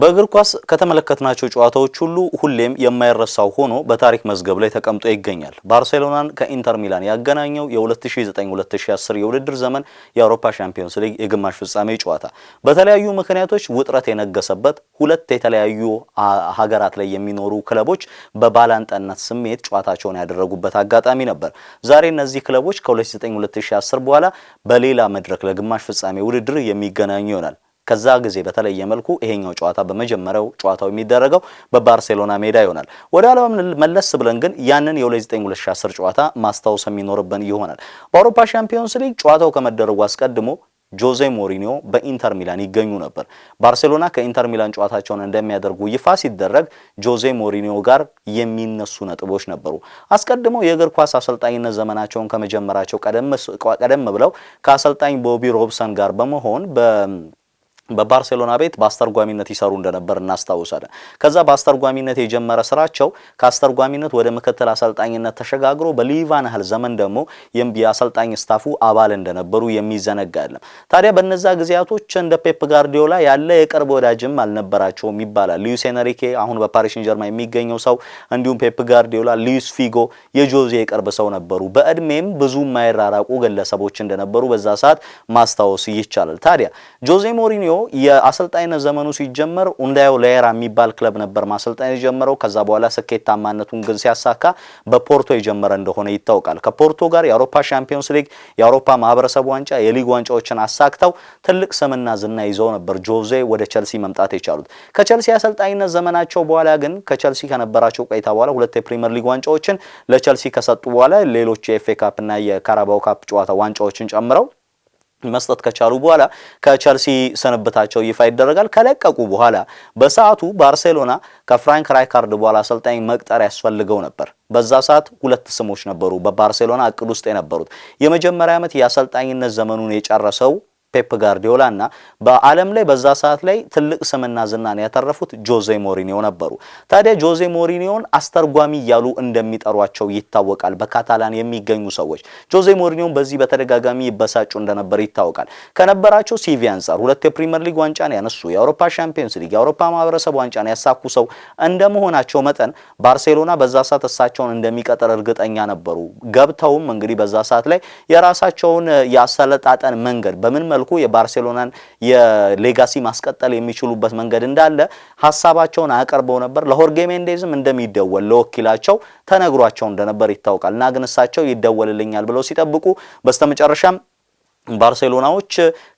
በእግር ኳስ ከተመለከትናቸው ጨዋታዎች ሁሉ ሁሌም የማይረሳው ሆኖ በታሪክ መዝገብ ላይ ተቀምጦ ይገኛል። ባርሴሎናን ከኢንተር ሚላን ያገናኘው የ2009-2010 የውድድር ዘመን የአውሮፓ ሻምፒዮንስ ሊግ የግማሽ ፍጻሜ ጨዋታ በተለያዩ ምክንያቶች ውጥረት የነገሰበት ሁለት የተለያዩ ሀገራት ላይ የሚኖሩ ክለቦች በባላንጣነት ስሜት ጨዋታቸውን ያደረጉበት አጋጣሚ ነበር። ዛሬ እነዚህ ክለቦች ከ2009-2010 በኋላ በሌላ መድረክ ለግማሽ ፍጻሜ ውድድር የሚገናኙ ይሆናል። ከዛ ጊዜ በተለየ መልኩ ይሄኛው ጨዋታ በመጀመሪያው ጨዋታው የሚደረገው በባርሴሎና ሜዳ ይሆናል። ወደ ዓለም መለስ ብለን ግን ያንን የ2009/2010 ጨዋታ ማስታወስ የሚኖርብን ይሆናል። በአውሮፓ ሻምፒዮንስ ሊግ ጨዋታው ከመደረጉ አስቀድሞ ጆዜ ሞሪኒዮ በኢንተር ሚላን ይገኙ ነበር። ባርሴሎና ከኢንተር ሚላን ጨዋታቸውን እንደሚያደርጉ ይፋ ሲደረግ ጆዜ ሞሪኒዮ ጋር የሚነሱ ነጥቦች ነበሩ። አስቀድመው የእግር ኳስ አሰልጣኝነት ዘመናቸውን ከመጀመራቸው ቀደም ብለው ከአሰልጣኝ ቦቢ ሮብሰን ጋር በመሆን በ በባርሴሎና ቤት በአስተርጓሚነት ይሰሩ እንደነበር እናስታውሳለን። ከዛ በአስተርጓሚነት የጀመረ ስራቸው ከአስተርጓሚነት ወደ ምክትል አሰልጣኝነት ተሸጋግሮ በሊቫን ያህል ዘመን ደግሞ የአሰልጣኝ ስታፉ አባል እንደነበሩ የሚዘነጋ የለም። ታዲያ በነዛ ጊዜያቶች እንደ ፔፕ ጋርዲዮላ ያለ የቅርብ ወዳጅም አልነበራቸውም ይባላል። ሉዊስ ኤንሪኬ አሁን በፓሪስ ሴንጀርማ የሚገኘው ሰው፣ እንዲሁም ፔፕ ጋርዲዮላ፣ ሉዊስ ፊጎ የጆዜ የቅርብ ሰው ነበሩ። በእድሜም ብዙ የማይራራቁ ግለሰቦች እንደነበሩ በዛ ሰዓት ማስታወስ ይቻላል። ታዲያ ጆዜ ሞሪኒዮ የአሰልጣኝነ ዘመኑ ሲጀመር ኡንዳዮ ላየራ የሚባል ክለብ ነበር ማሰልጣኝ የጀመረው። ከዛ በኋላ ስኬታማነቱን ግን ሲያሳካ በፖርቶ የጀመረ እንደሆነ ይታወቃል። ከፖርቶ ጋር የአውሮፓ ሻምፒዮንስ ሊግ፣ የአውሮፓ ማህበረሰብ ዋንጫ፣ የሊግ ዋንጫዎችን አሳክተው ትልቅ ስምና ዝና ይዘው ነበር ጆዜ ወደ ቸልሲ መምጣት የቻሉት። ከቸልሲ አሰልጣኝነት ዘመናቸው በኋላ ግን ከቸልሲ ከነበራቸው ቆይታ በኋላ ሁለት የፕሪምየር ሊግ ዋንጫዎችን ለቸልሲ ከሰጡ በኋላ ሌሎች የኤፍኤ ካፕና የካራባው ካፕ ጨዋታ ዋንጫዎችን ጨምረው መስጠት ከቻሉ በኋላ ከቸልሲ ስንብታቸው ይፋ ይደረጋል። ከለቀቁ በኋላ በሰዓቱ ባርሴሎና ከፍራንክ ራይካርድ በኋላ አሰልጣኝ መቅጠር ያስፈልገው ነበር። በዛ ሰዓት ሁለት ስሞች ነበሩ በባርሴሎና እቅድ ውስጥ የነበሩት። የመጀመሪያ ዓመት የአሰልጣኝነት ዘመኑን የጨረሰው ፔፕ ጋርዲዮላ እና በዓለም ላይ በዛ ሰዓት ላይ ትልቅ ስምና ዝናን ያተረፉት ጆዜ ሞሪኒዮ ነበሩ። ታዲያ ጆዜ ሞሪኒዮን አስተርጓሚ እያሉ እንደሚጠሯቸው ይታወቃል። በካታላን የሚገኙ ሰዎች ጆዜ ሞሪኒዮን በዚህ በተደጋጋሚ ይበሳጩ እንደነበር ይታወቃል። ከነበራቸው ሲቪ አንጻር ሁለት የፕሪሚየር ሊግ ዋንጫን ያነሱ፣ የአውሮፓ ሻምፒዮንስ ሊግ፣ የአውሮፓ ማህበረሰብ ዋንጫን ያሳኩ ሰው እንደመሆናቸው መጠን ባርሴሎና በዛ ሰዓት እሳቸውን እንደሚቀጥር እርግጠኛ ነበሩ። ገብተውም እንግዲህ በዛ ሰዓት ላይ የራሳቸውን የአሰለጣጠን መንገድ በምን መልኩ የባርሴሎናን የሌጋሲ ማስቀጠል የሚችሉበት መንገድ እንዳለ ሀሳባቸውን አቅርበው ነበር። ለሆርጌ ሜንዴዝም እንደሚደወል ለወኪላቸው ተነግሯቸው እንደነበር ይታወቃል እና ግን እሳቸው ይደወልልኛል ብለው ሲጠብቁ በስተመጨረሻም ባርሴሎናዎች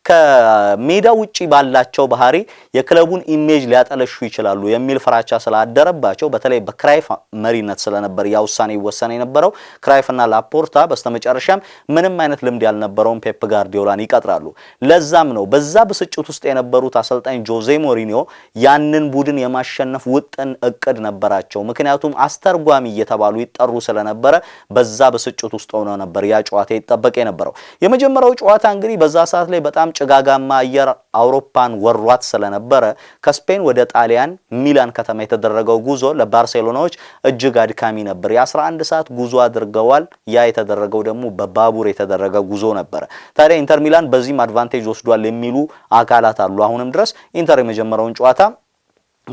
ከሜዳ ውጪ ባላቸው ባህሪ የክለቡን ኢሜጅ ሊያጠለሹ ይችላሉ የሚል ፍራቻ ስላደረባቸው በተለይ በክራይፍ መሪነት ስለነበር ያ ውሳኔ ይወሰን የነበረው ክራይፍና ላፖርታ በስተመጨረሻም ምንም አይነት ልምድ ያልነበረውን ፔፕ ጋርዲዮላን ይቀጥራሉ። ለዛም ነው በዛ ብስጭት ውስጥ የነበሩት አሰልጣኝ ጆዜ ሞሪኒዮ ያንን ቡድን የማሸነፍ ውጥን እቅድ ነበራቸው። ምክንያቱም አስተርጓሚ እየተባሉ ይጠሩ ስለነበረ በዛ ብስጭት ውስጥ ሆነው ነበር ያ ጨዋታ ይጠበቅ የነበረው የመጀመሪያው ጨዋታ ጨዋታ እንግዲህ በዛ ሰዓት ላይ በጣም ጭጋጋማ አየር አውሮፓን ወሯት ስለነበረ ከስፔን ወደ ጣሊያን ሚላን ከተማ የተደረገው ጉዞ ለባርሴሎናዎች እጅግ አድካሚ ነበር። የ11 ሰዓት ጉዞ አድርገዋል። ያ የተደረገው ደግሞ በባቡር የተደረገ ጉዞ ነበረ። ታዲያ ኢንተር ሚላን በዚህም አድቫንቴጅ ወስዷል የሚሉ አካላት አሉ። አሁንም ድረስ ኢንተር የመጀመረውን ጨዋታ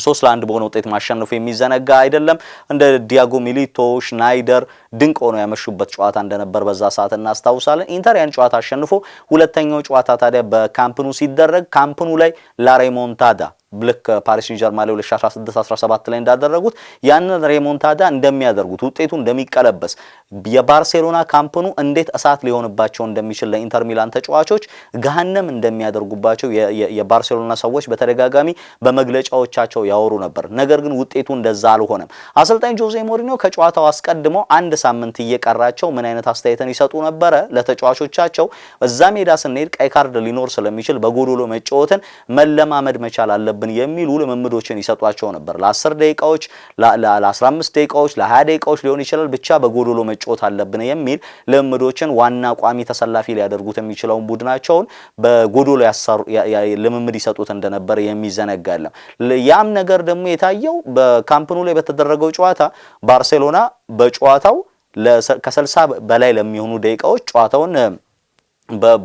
ሶስት ለአንድ በሆነ ውጤት ማሸነፉ የሚዘነጋ አይደለም። እንደ ዲያጎ ሚሊቶ፣ ሽናይደር ድንቅ ሆነው ያመሹበት ጨዋታ እንደነበር በዛ ሰዓት እናስታውሳለን። ኢንተር ያን ጨዋታ አሸንፎ ሁለተኛው ጨዋታ ታዲያ በካምፕኑ ሲደረግ ካምፕኑ ላይ ላሬሞንታዳ ልክ ፓሪስ ሴንጀርማ ላይ 2016 17 ላይ እንዳደረጉት ያንን ሬሞንታዳ እንደሚያደርጉት ውጤቱ እንደሚቀለበስ የባርሴሎና ካምፕኑ እንዴት እሳት ሊሆንባቸው እንደሚችል ለኢንተር ሚላን ተጫዋቾች ገሃነም እንደሚያደርጉባቸው የባርሴሎና ሰዎች በተደጋጋሚ በመግለጫዎቻቸው ያወሩ ነበር። ነገር ግን ውጤቱ እንደዛ አልሆነም። አሰልጣኝ ጆዜ ሞሪኒዮ ከጨዋታው አስቀድሞ አንድ ሳምንት እየቀራቸው ምን አይነት አስተያየትን ይሰጡ ነበረ? ለተጫዋቾቻቸው እዛ ሜዳ ስንሄድ ቀይ ካርድ ሊኖር ስለሚችል በጎዶሎ መጫወትን መለማመድ መቻል አለበት አለብን የሚሉ ልምምዶችን ይሰጧቸው ነበር። ለ10 ደቂቃዎች፣ ለ15 ደቂቃዎች፣ ለ20 ደቂቃዎች ሊሆን ይችላል ብቻ በጎዶሎ መጫወት አለብን የሚል ልምምዶችን ዋና ቋሚ ተሰላፊ ሊያደርጉት የሚችለውን ቡድናቸውን በጎዶሎ ያሳሩ ልምምድ ይሰጡት እንደነበር የሚዘነጋለም። ያም ነገር ደግሞ የታየው በካምፕኑ ላይ በተደረገው ጨዋታ ባርሴሎና በጨዋታው ከ60 በላይ ለሚሆኑ ደቂቃዎች ጨዋታውን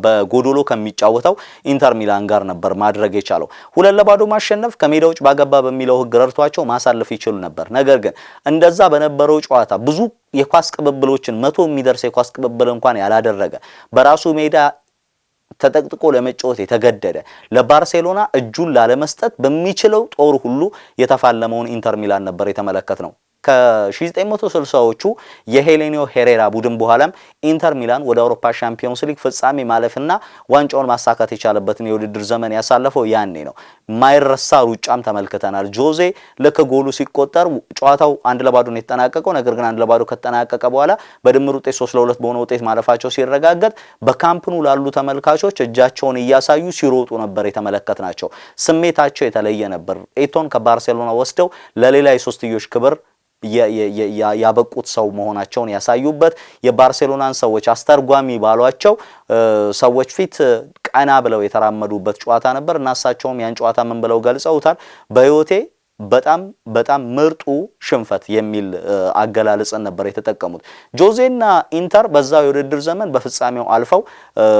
በጎዶሎ ከሚጫወተው ኢንተር ሚላን ጋር ነበር ማድረግ የቻለው። ሁለት ለባዶ ማሸነፍ ከሜዳ ውጭ ባገባ በሚለው ህግ ረድቷቸው ማሳለፍ ይችሉ ነበር። ነገር ግን እንደዛ በነበረው ጨዋታ ብዙ የኳስ ቅብብሎችን መቶ የሚደርስ የኳስ ቅብብል እንኳን ያላደረገ በራሱ ሜዳ ተጠቅጥቆ ለመጫወት የተገደደ ለባርሴሎና እጁን ላለመስጠት በሚችለው ጦር ሁሉ የተፋለመውን ኢንተር ሚላን ነበር የተመለከት ነው። ከ1960ዎቹ የሄሌኒዮ ሄሬራ ቡድን በኋላም ኢንተር ሚላን ወደ አውሮፓ ሻምፒዮንስ ሊግ ፍጻሜ ማለፍና ዋንጫውን ማሳካት የቻለበትን የውድድር ዘመን ያሳለፈው ያኔ ነው። ማይረሳ ሩጫም ተመልክተናል። ጆዜ ልክ ጎሉ ሲቆጠር ጨዋታው አንድ ለባዶ ነው የተጠናቀቀው። ነገር ግን አንድ ለባዶ ከተጠናቀቀ በኋላ በድምር ውጤት ሶስት ለሁለት በሆነ ውጤት ማለፋቸው ሲረጋገጥ በካምፕኑ ላሉ ተመልካቾች እጃቸውን እያሳዩ ሲሮጡ ነበር የተመለከት ናቸው። ስሜታቸው የተለየ ነበር። ኤቶን ከባርሴሎና ወስደው ለሌላ የሶስትዮሽ ክብር ያበቁት ሰው መሆናቸውን ያሳዩበት የባርሴሎናን ሰዎች አስተርጓሚ ባሏቸው ሰዎች ፊት ቀና ብለው የተራመዱበት ጨዋታ ነበር እና እሳቸውም ያን ጨዋታ ምን ብለው ገልጸውታል? በህይወቴ በጣም በጣም ምርጡ ሽንፈት የሚል አገላለጽን ነበር የተጠቀሙት። ጆዜና ኢንተር በዛው የውድድር ዘመን በፍጻሜው አልፈው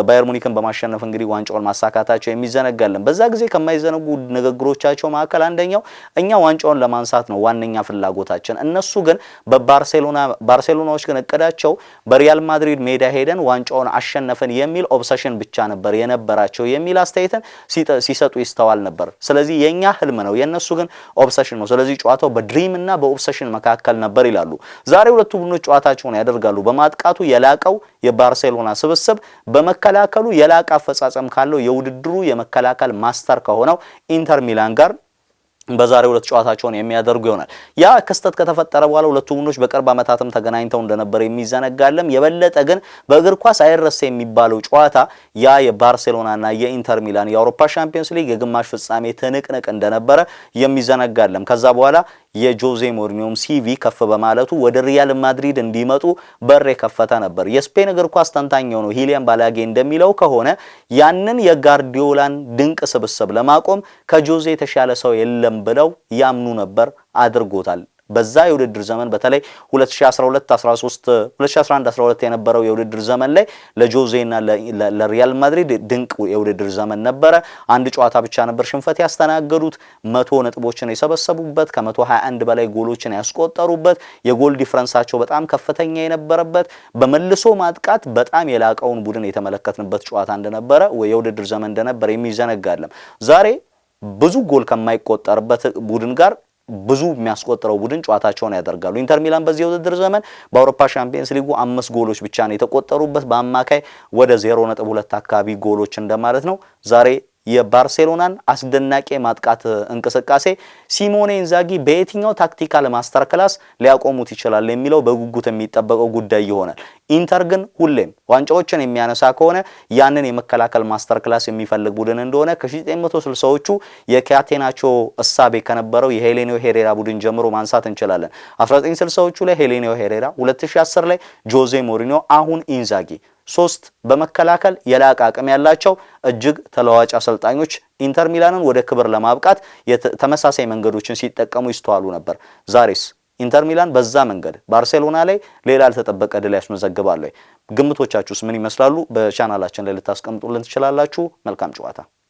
ባየር ሙኒክን በማሸነፍ እንግዲህ ዋንጫውን ማሳካታቸው የሚዘነጋለን። በዛ ጊዜ ከማይዘነጉ ንግግሮቻቸው መካከል አንደኛው እኛ ዋንጫውን ለማንሳት ነው ዋነኛ ፍላጎታችን፣ እነሱ ግን በባርሴሎና ባርሴሎናዎች ግን እቅዳቸው በሪያል ማድሪድ ሜዳ ሄደን ዋንጫውን አሸነፍን የሚል ኦብሰሽን ብቻ ነበር የነበራቸው የሚል አስተያየትን ሲሰጡ ይስተዋል ነበር። ስለዚህ የኛ ህልም ነው የእነሱ ግን ኦብሰሽን ነው። ስለዚህ ጨዋታው በድሪም እና በኦብሰሽን መካከል ነበር ይላሉ። ዛሬ ሁለቱ ቡድኖች ጨዋታቸውን ያደርጋሉ። በማጥቃቱ የላቀው የባርሴሎና ስብስብ በመከላከሉ የላቀ አፈጻጸም ካለው የውድድሩ የመከላከል ማስተር ከሆነው ኢንተር ሚላን ጋር በዛሬ ሁለት ጨዋታቸውን የሚያደርጉ ይሆናል። ያ ክስተት ከተፈጠረ በኋላ ሁለቱ ቡድኖች በቅርብ ዓመታትም ተገናኝተው እንደነበር የሚዘነጋለም። የበለጠ ግን በእግር ኳስ አይረሴ የሚባለው ጨዋታ ያ የባርሴሎናና የኢንተር ሚላን የአውሮፓ ሻምፒዮንስ ሊግ የግማሽ ፍጻሜ ትንቅንቅ እንደነበረ የሚዘነጋለም። ከዛ በኋላ የጆዜ ሞሪኒዮም ሲቪ ከፍ በማለቱ ወደ ሪያል ማድሪድ እንዲመጡ በር የከፈተ ነበር። የስፔን እግር ኳስ ተንታኝ ነው ሂሊያን ባላጌ እንደሚለው ከሆነ ያንን የጋርዲዮላን ድንቅ ስብስብ ለማቆም ከጆዜ የተሻለ ሰው የለም ብለው ያምኑ ነበር። አድርጎታል። በዛ የውድድር ዘመን በተለይ 2012 13 2011 12 የነበረው የውድድር ዘመን ላይ ለጆዜና ለሪያል ማድሪድ ድንቅ የውድድር ዘመን ነበረ። አንድ ጨዋታ ብቻ ነበር ሽንፈት ያስተናገዱት። መቶ ነጥቦችን የሰበሰቡበት ከ121 በላይ ጎሎችን ያስቆጠሩበት የጎል ዲፍረንሳቸው በጣም ከፍተኛ የነበረበት በመልሶ ማጥቃት በጣም የላቀውን ቡድን የተመለከትንበት ጨዋታ እንደነበረ የውድድር ዘመን እንደነበረ የሚዘነጋለም ዛሬ ብዙ ጎል ከማይቆጠርበት ቡድን ጋር ብዙ የሚያስቆጥረው ቡድን ጨዋታቸውን ያደርጋሉ። ኢንተር ሚላን በዚህ የውድድር ዘመን በአውሮፓ ሻምፒየንስ ሊጉ አምስት ጎሎች ብቻ ነው የተቆጠሩበት፣ በአማካይ ወደ 0.2 አካባቢ ጎሎች እንደማለት ነው ዛሬ የባርሴሎናን አስደናቂ ማጥቃት እንቅስቃሴ ሲሞኔ ኢንዛጊ በየትኛው ታክቲካል ማስተር ክላስ ሊያቆሙት ይችላል የሚለው በጉጉት የሚጠበቀው ጉዳይ ይሆናል። ኢንተር ግን ሁሌም ዋንጫዎችን የሚያነሳ ከሆነ ያንን የመከላከል ማስተር ክላስ የሚፈልግ ቡድን እንደሆነ ከ1960ዎቹ የካቴናቾ እሳቤ ከነበረው የሄሌኒዮ ሄሬራ ቡድን ጀምሮ ማንሳት እንችላለን። 1960ዎቹ ላይ ሄሌኒዮ ሄሬራ፣ 2010 ላይ ጆዜ ሞሪኒዮ፣ አሁን ኢንዛጊ ሶስት በመከላከል የላቀ አቅም ያላቸው እጅግ ተለዋጭ አሰልጣኞች ኢንተር ሚላንን ወደ ክብር ለማብቃት ተመሳሳይ መንገዶችን ሲጠቀሙ ይስተዋሉ ነበር። ዛሬስ ኢንተር ሚላን በዛ መንገድ ባርሴሎና ላይ ሌላ ያልተጠበቀ ድል ያስመዘግባል ወይ? ግምቶቻችሁስ ምን ይመስላሉ? በቻናላችን ላይ ልታስቀምጡልን ትችላላችሁ። መልካም ጨዋታ